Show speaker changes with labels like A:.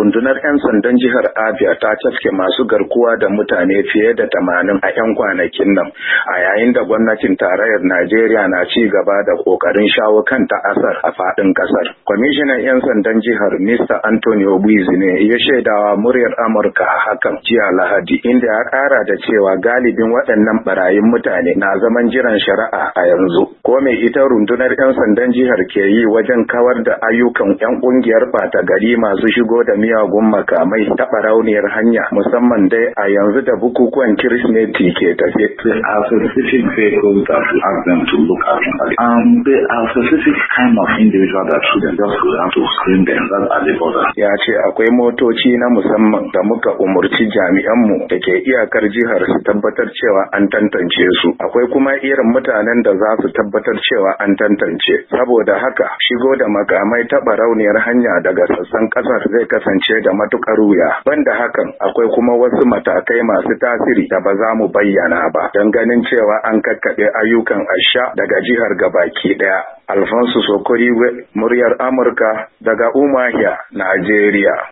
A: rundunar 'yan sandan jihar abia ta cafke masu garkuwa da mutane fiye da tamanin a 'yan kwanakin nan a yayin da gwamnatin tarayyar najeriya na ci gaba da kokarin shawo kan ta'asar a faɗin ƙasar kwamishinan 'yan sandan jihar mr antonio buizi ne ya shaidawa muryar amurka a hakan jiya lahadi inda ya ƙara da cewa galibin waɗannan barayin mutane na zaman jiran shari'a a yanzu ko me ita rundunar 'yan sandan jihar ke yi wajen kawar da ayyukan 'yan ƙungiyar ɓata gari masu shigo da miyagun makamai ta barauniyar hanya musamman dai a yanzu da bukukuwan Kirsimeti ke tafe. Ya ce akwai motoci na musamman da muka umurci mu da ke iyakar jihar su tabbatar cewa an tantance su. Akwai kuma irin mutanen da za su tabbatar cewa an tantance. Saboda haka shigo da makamai ta barauniyar hanya daga sassan kasar zai kasance kasance da matukar wuya banda hakan akwai kuma wasu matakai masu tasiri da ba za mu bayyana ba don ganin cewa an kakkaɓe ayyukan asha daga jihar gabaki ɗaya alfonso sokori muryar amurka daga umahiya najeriya